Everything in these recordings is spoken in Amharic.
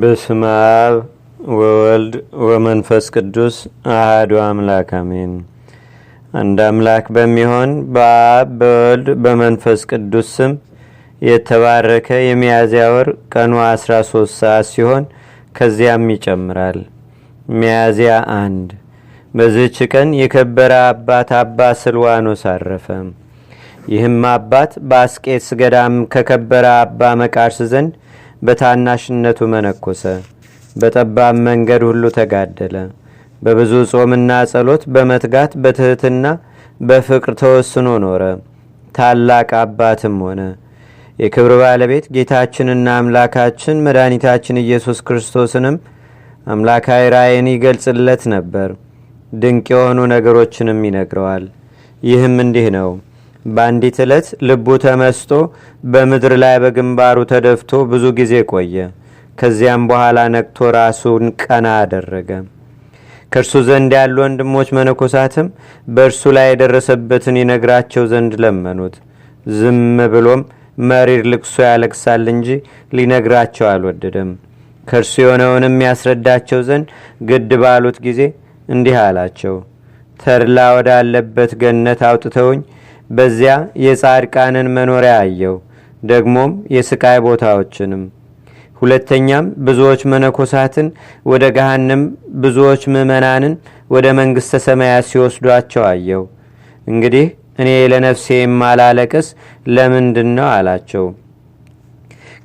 በስመ አብ ወወልድ ወመንፈስ ቅዱስ አህዱ አምላክ አሜን። አንድ አምላክ በሚሆን በአብ በወልድ በመንፈስ ቅዱስ ስም የተባረከ የሚያዝያ ወር ቀኑ 13 ሰዓት ሲሆን ከዚያም ይጨምራል። ሚያዝያ አንድ በዚህች ቀን የከበረ አባት አባ ስልዋኖስ አረፈ። ይህም አባት በአስቄትስ ገዳም ከከበረ አባ መቃርስ ዘንድ በታናሽነቱ መነኮሰ፣ በጠባብ መንገድ ሁሉ ተጋደለ። በብዙ ጾምና ጸሎት በመትጋት በትሕትና በፍቅር ተወስኖ ኖረ። ታላቅ አባትም ሆነ። የክብር ባለቤት ጌታችንና አምላካችን መድኃኒታችን ኢየሱስ ክርስቶስንም አምላካዊ ራእይን ይገልጽለት ነበር። ድንቅ የሆኑ ነገሮችንም ይነግረዋል። ይህም እንዲህ ነው። በአንዲት ዕለት ልቡ ተመስጦ በምድር ላይ በግንባሩ ተደፍቶ ብዙ ጊዜ ቆየ። ከዚያም በኋላ ነቅቶ ራሱን ቀና አደረገ። ከእርሱ ዘንድ ያሉ ወንድሞች መነኮሳትም በእርሱ ላይ የደረሰበትን ይነግራቸው ዘንድ ለመኑት። ዝም ብሎም መሪር ልቅሶ ያለቅሳል እንጂ ሊነግራቸው አልወደደም። ከእርሱ የሆነውንም ያስረዳቸው ዘንድ ግድ ባሉት ጊዜ እንዲህ አላቸው። ተድላ ወዳለበት ገነት አውጥተውኝ በዚያ የጻድቃንን መኖሪያ አየው፣ ደግሞም የስቃይ ቦታዎችንም። ሁለተኛም ብዙዎች መነኮሳትን ወደ ገሃንም ብዙዎች ምእመናንን ወደ መንግሥተ ሰማያት ሲወስዷቸው አየው። እንግዲህ እኔ ለነፍሴ የማላለቅስ ለምንድን ነው አላቸው።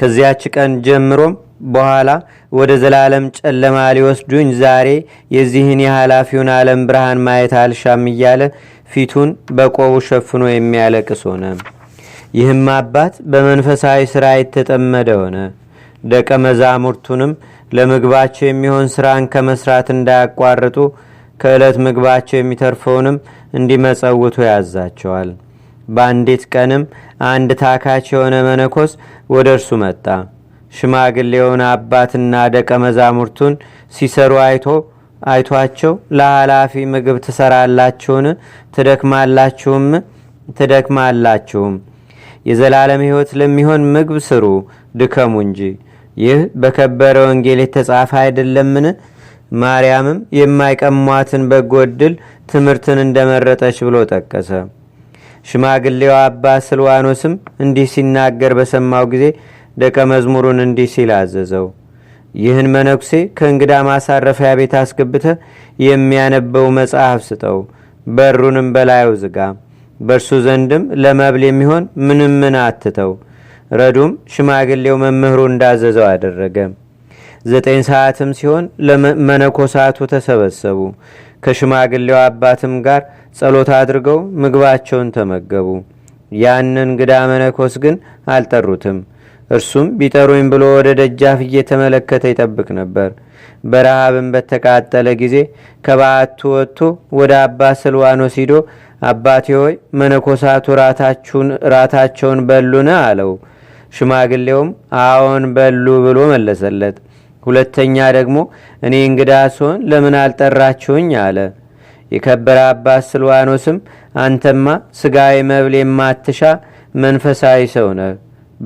ከዚያች ቀን ጀምሮም በኋላ ወደ ዘላለም ጨለማ ሊወስዱኝ ዛሬ የዚህን የኃላፊውን ዓለም ብርሃን ማየት አልሻም እያለ ፊቱን በቆቡ ሸፍኖ የሚያለቅስ ሆነ። ይህም አባት በመንፈሳዊ ሥራ የተጠመደ ሆነ። ደቀ መዛሙርቱንም ለምግባቸው የሚሆን ሥራን ከመሥራት እንዳያቋርጡ ከዕለት ምግባቸው የሚተርፈውንም እንዲመጸውቱ ያዛቸዋል። በአንዲት ቀንም አንድ ታካች የሆነ መነኮስ ወደ እርሱ መጣ። ሽማግሌውን አባትና ደቀ መዛሙርቱን ሲሰሩ አይቶ አይቷቸው ለኃላፊ ምግብ ትሰራላችሁን? ትደክማላችሁም ትደክማላችሁም። የዘላለም ሕይወት ለሚሆን ምግብ ስሩ፣ ድከሙ እንጂ። ይህ በከበረ ወንጌል የተጻፈ አይደለምን? ማርያምም የማይቀሟትን በጎ ዕድል ትምህርትን እንደመረጠች ብሎ ጠቀሰ። ሽማግሌው አባ ስልዋኖስም እንዲህ ሲናገር በሰማው ጊዜ ደቀ መዝሙሩን እንዲህ ሲል አዘዘው። ይህን መነኩሴ ከእንግዳ ማሳረፊያ ቤት አስገብተ የሚያነበው መጽሐፍ ስጠው፣ በሩንም በላዩ ዝጋ። በእርሱ ዘንድም ለመብል የሚሆን ምንም ምን አትተው። ረዱም ሽማግሌው መምህሩ እንዳዘዘው አደረገ። ዘጠኝ ሰዓትም ሲሆን ለመነኮሳቱ ተሰበሰቡ። ከሽማግሌው አባትም ጋር ጸሎት አድርገው ምግባቸውን ተመገቡ። ያንን እንግዳ መነኮስ ግን አልጠሩትም። እርሱም ቢጠሩኝ ብሎ ወደ ደጃፍ እየተመለከተ ይጠብቅ ነበር። በረሃብን በተቃጠለ ጊዜ ከባአቱ ወጥቶ ወደ አባ ስልዋኖ ሲዶ አባቴ ሆይ መነኮሳቱ ራታቸውን በሉነ አለው። ሽማግሌውም አዎን በሉ ብሎ መለሰለት። ሁለተኛ ደግሞ እኔ እንግዳ ስሆን ለምን አልጠራችሁኝ አለ። የከበረ አባት ስልዋኖስም አንተማ ስጋዊ መብል የማትሻ መንፈሳዊ ሰው ነህ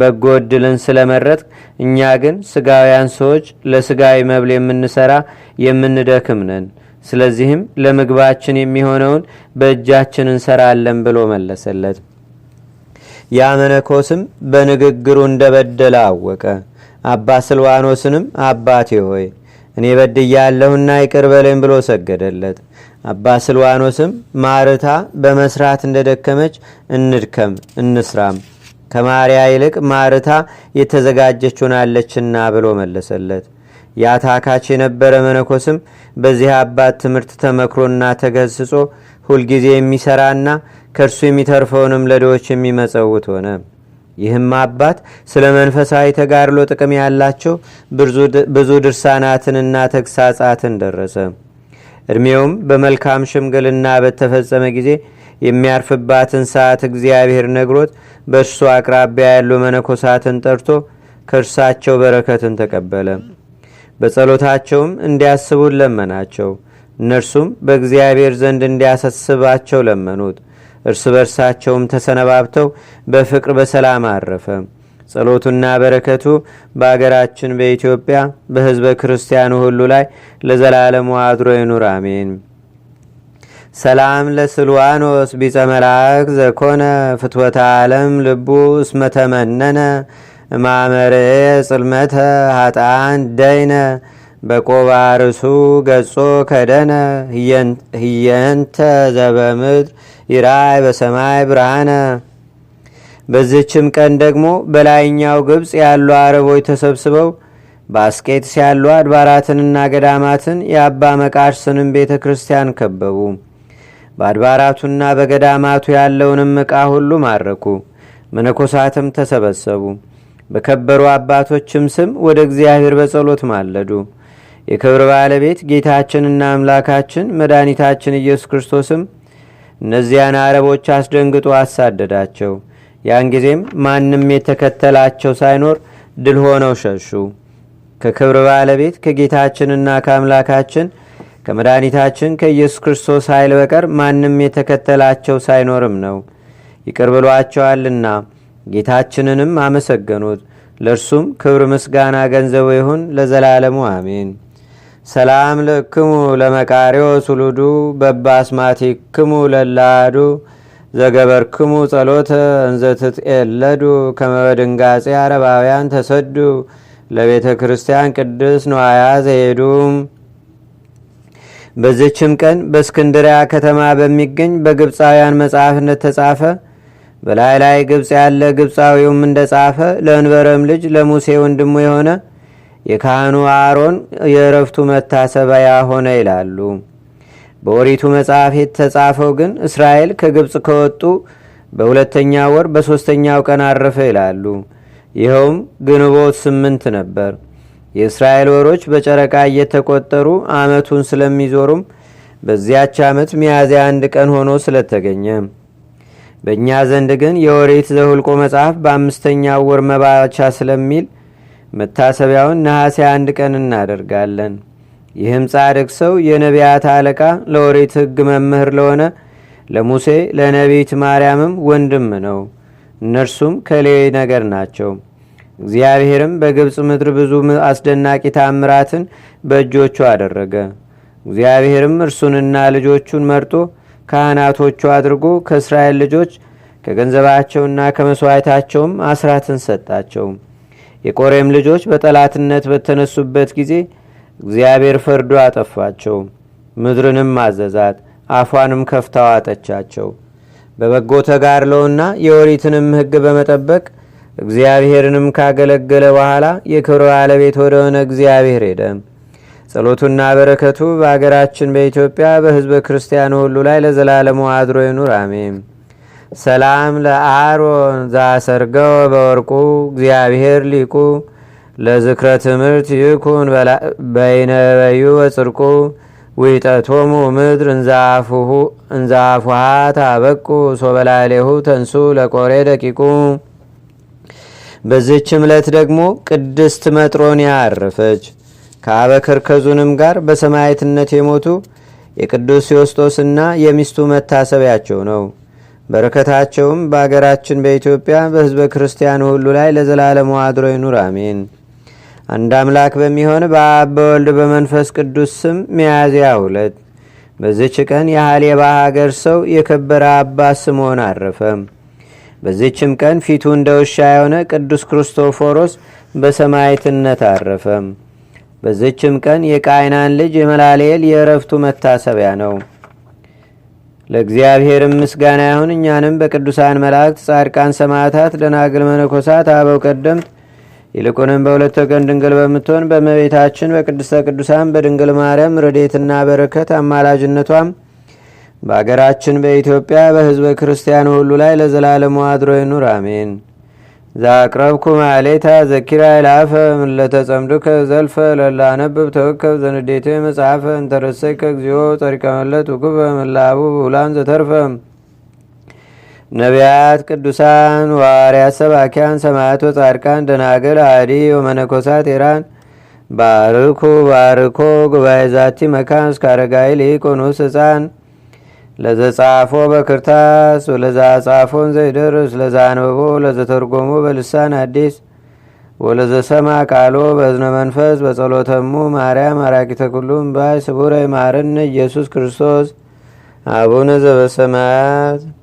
በጎ ዕድልን ስለመረጥ እኛ ግን ስጋውያን ሰዎች ለስጋዊ መብል የምንሰራ የምንደክም ነን። ስለዚህም ለምግባችን የሚሆነውን በእጃችን እንሰራለን ብሎ መለሰለት። ያመነኮስም በንግግሩ እንደበደለ አወቀ። አባ ስልዋኖስንም አባቴ ሆይ እኔ በድያለሁና ይቅር በለኝ ብሎ ሰገደለት። አባ ስልዋኖስም ማርታ በመስራት እንደደከመች እንድከም እንስራም ከማርያ ይልቅ ማርታ የተዘጋጀችናለችና ሆናለችና ብሎ መለሰለት። ያ ታካች የነበረ መነኮስም በዚህ አባት ትምህርት ተመክሮና ተገስጾ ሁልጊዜ የሚሰራና ከእርሱ የሚተርፈውንም ለዶዎች የሚመጸውት ሆነ። ይህም አባት ስለ መንፈሳዊ ተጋድሎ ጥቅም ያላቸው ብዙ ድርሳናትንና ተግሳጻትን ደረሰ። ዕድሜውም በመልካም ሽምግልና በተፈጸመ ጊዜ የሚያርፍባትን ሰዓት እግዚአብሔር ነግሮት በእሱ አቅራቢያ ያሉ መነኮሳትን ጠርቶ ከእርሳቸው በረከትን ተቀበለ። በጸሎታቸውም እንዲያስቡን ለመናቸው። እነርሱም በእግዚአብሔር ዘንድ እንዲያሳስባቸው ለመኑት። እርስ በርሳቸውም ተሰነባብተው በፍቅር በሰላም አረፈ። ጸሎቱና በረከቱ በአገራችን በኢትዮጵያ በሕዝበ ክርስቲያኑ ሁሉ ላይ ለዘላለሙ አድሮ ይኑር፣ አሜን። ሰላም ለስልዋኖስ ቢጸ መላእክ ዘኮነ ፍትወተ ዓለም ልቡ እስመ ተመነነ ጽልመተ ሃጣን ደይነ በቆባ ርሱ ገጾ ከደነ ህየንተ ዘበምድር ይራይ በሰማይ ብርሃነ። በዝችም ቀን ደግሞ በላይኛው ግብፅ ያሉ አረቦች ተሰብስበው ባስቄትስ ያሉ አድባራትንና ገዳማትን የአባ መቃርስንም ቤተ ክርስቲያን ከበቡ። በአድባራቱና በገዳማቱ ያለውንም ዕቃ ሁሉ ማረኩ። መነኮሳትም ተሰበሰቡ። በከበሩ አባቶችም ስም ወደ እግዚአብሔር በጸሎት ማለዱ። የክብር ባለቤት ጌታችንና አምላካችን መድኃኒታችን ኢየሱስ ክርስቶስም እነዚያን አረቦች አስደንግጦ አሳደዳቸው። ያን ጊዜም ማንም የተከተላቸው ሳይኖር ድል ሆነው ሸሹ። ከክብር ባለቤት ከጌታችንና ከአምላካችን ከመድኃኒታችን ከኢየሱስ ክርስቶስ ኃይል በቀር ማንም የተከተላቸው ሳይኖርም ነው። ይቅር ብሏቸዋልና ጌታችንንም አመሰገኑት። ለእርሱም ክብር ምስጋና ገንዘቡ ይሁን ለዘላለሙ አሜን። ሰላም ለክሙ ለመቃሪዎስ በባስማቲ ክሙ ለላዱ ዘገበርክሙ ጸሎተ እንዘትትኤለዱ ከመበድንጋጼ አረባውያን ተሰዱ ለቤተ ክርስቲያን ቅድስ ነዋያ ዘሄዱም በዚችም ቀን በእስክንድሪያ ከተማ በሚገኝ በግብፃውያን መጽሐፍ እንደተጻፈ በላይ ላይ ግብፅ ያለ ግብፃዊውም እንደጻፈ ለእንበረም ልጅ ለሙሴ ወንድሙ የሆነ የካህኑ አሮን የእረፍቱ መታሰቢያ ሆነ ይላሉ። በወሪቱ መጽሐፍ የተጻፈው ግን እስራኤል ከግብፅ ከወጡ በሁለተኛ ወር በሦስተኛው ቀን አረፈ ይላሉ። ይኸውም ግንቦት ስምንት ነበር። የእስራኤል ወሮች በጨረቃ እየተቆጠሩ አመቱን ስለሚዞሩም በዚያች ዓመት ሚያዝያ አንድ ቀን ሆኖ ስለተገኘ በእኛ ዘንድ ግን የወሬት ዘሁልቆ መጽሐፍ በአምስተኛው ወር መባቻ ስለሚል መታሰቢያውን ነሐሴ አንድ ቀን እናደርጋለን። ይህም ጻድቅ ሰው የነቢያት አለቃ ለወሬት ሕግ መምህር ለሆነ ለሙሴ ለነቢት ማርያምም ወንድም ነው። እነርሱም ከሌ ነገር ናቸው። እግዚአብሔርም በግብፅ ምድር ብዙ አስደናቂ ታምራትን በእጆቹ አደረገ። እግዚአብሔርም እርሱንና ልጆቹን መርጦ ካህናቶቹ አድርጎ ከእስራኤል ልጆች ከገንዘባቸውና ከመሥዋዕታቸውም አስራትን ሰጣቸው። የቆሬም ልጆች በጠላትነት በተነሱበት ጊዜ እግዚአብሔር ፈርዶ አጠፋቸው። ምድርንም አዘዛት፣ አፏንም ከፍታ አጠቻቸው በበጎ ለውና የወሪትንም ሕግ በመጠበቅ እግዚአብሔርንም ካገለገለ በኋላ የክብረ ባለቤት ወደሆነ እግዚአብሔር ሄደ። ጸሎቱና በረከቱ በአገራችን በኢትዮጵያ በህዝበ ክርስቲያኑ ሁሉ ላይ ለዘላለሙ አድሮ ይኑር፣ አሜም ሰላም ለአሮን ዛሰርገው በወርቁ እግዚአብሔር ሊቁ ለዝክረ ትምህርት ይኩን በይነበዩ ወፅርቁ ውይጠቶሙ ምድር እንዛፉሃ ታበቁ ሶበላሌሁ ተንሱ ለቆሬ ደቂቁ በዚህች ዕለት ደግሞ ቅድስት መጥሮንያ አረፈች። ከአበከርከዙንም ጋር በሰማያትነት የሞቱ የቅዱስ ዮስጦስና የሚስቱ መታሰቢያቸው ነው። በረከታቸውም በአገራችን በኢትዮጵያ በህዝበ ክርስቲያን ሁሉ ላይ ለዘላለሙ አድሮ ይኑር፣ አሜን። አንድ አምላክ በሚሆን በአብ በወልድ በመንፈስ ቅዱስ ስም ሚያዝያ ሁለት በዚች ቀን የሐሌባ ሀገር ሰው የከበረ አባ ስምዖን አረፈ። በዚችም ቀን ፊቱ እንደ ውሻ የሆነ ቅዱስ ክርስቶፎሮስ በሰማይትነት አረፈ። በዚችም ቀን የቃይናን ልጅ የመላልኤል የእረፍቱ መታሰቢያ ነው። ለእግዚአብሔር ምስጋና ይሁን። እኛንም በቅዱሳን መላእክት፣ ጻድቃን፣ ሰማዕታት፣ ደናግል፣ መነኮሳት፣ አበው ቀደምት ይልቁንም በሁለት ወገን ድንግል በምትሆን በመቤታችን በቅድስተ ቅዱሳን በድንግል ማርያም ረዴትና በረከት አማላጅነቷም በአገራችን በኢትዮጵያ በሕዝበ ክርስቲያን ሁሉ ላይ ለዘላለሙ አድሮ ይኑር፣ አሜን። ዛቅረብኩ ማሌታ ዘኪራ ይላፈ ምለተጸምዱከ ዘልፈ ለላነብብ ተወከብ ዘንዴቶ መጽሐፈ እንተረሰይከ እግዚኦ ጸሪቀመለት ውክበ ምላቡ ውላን ዘተርፈ ነቢያት፣ ቅዱሳን፣ ዋርያት፣ ሰባኪያን፣ ሰማያት ወጻድቃን፣ ደናግል፣ አዲ ወመነኮሳት ኢራን ባርኩ ባርኮ ጉባኤ ዛቲ መካን እስካረጋይ ሊቆኑስ ህፃን ለዘጻፎ በክርታስ ወለዛ ጻፎን ዘይደርስ ለዛ አንብቦ ለዘተርጎሞ በልሳን አዲስ ወለዘሰማ ቃሎ በዝነ መንፈስ በጸሎተሙ ማርያም አራቂተ ኩሉም ባይ ስቡረ ማርን ኢየሱስ ክርስቶስ አቡነ ዘበሰማያት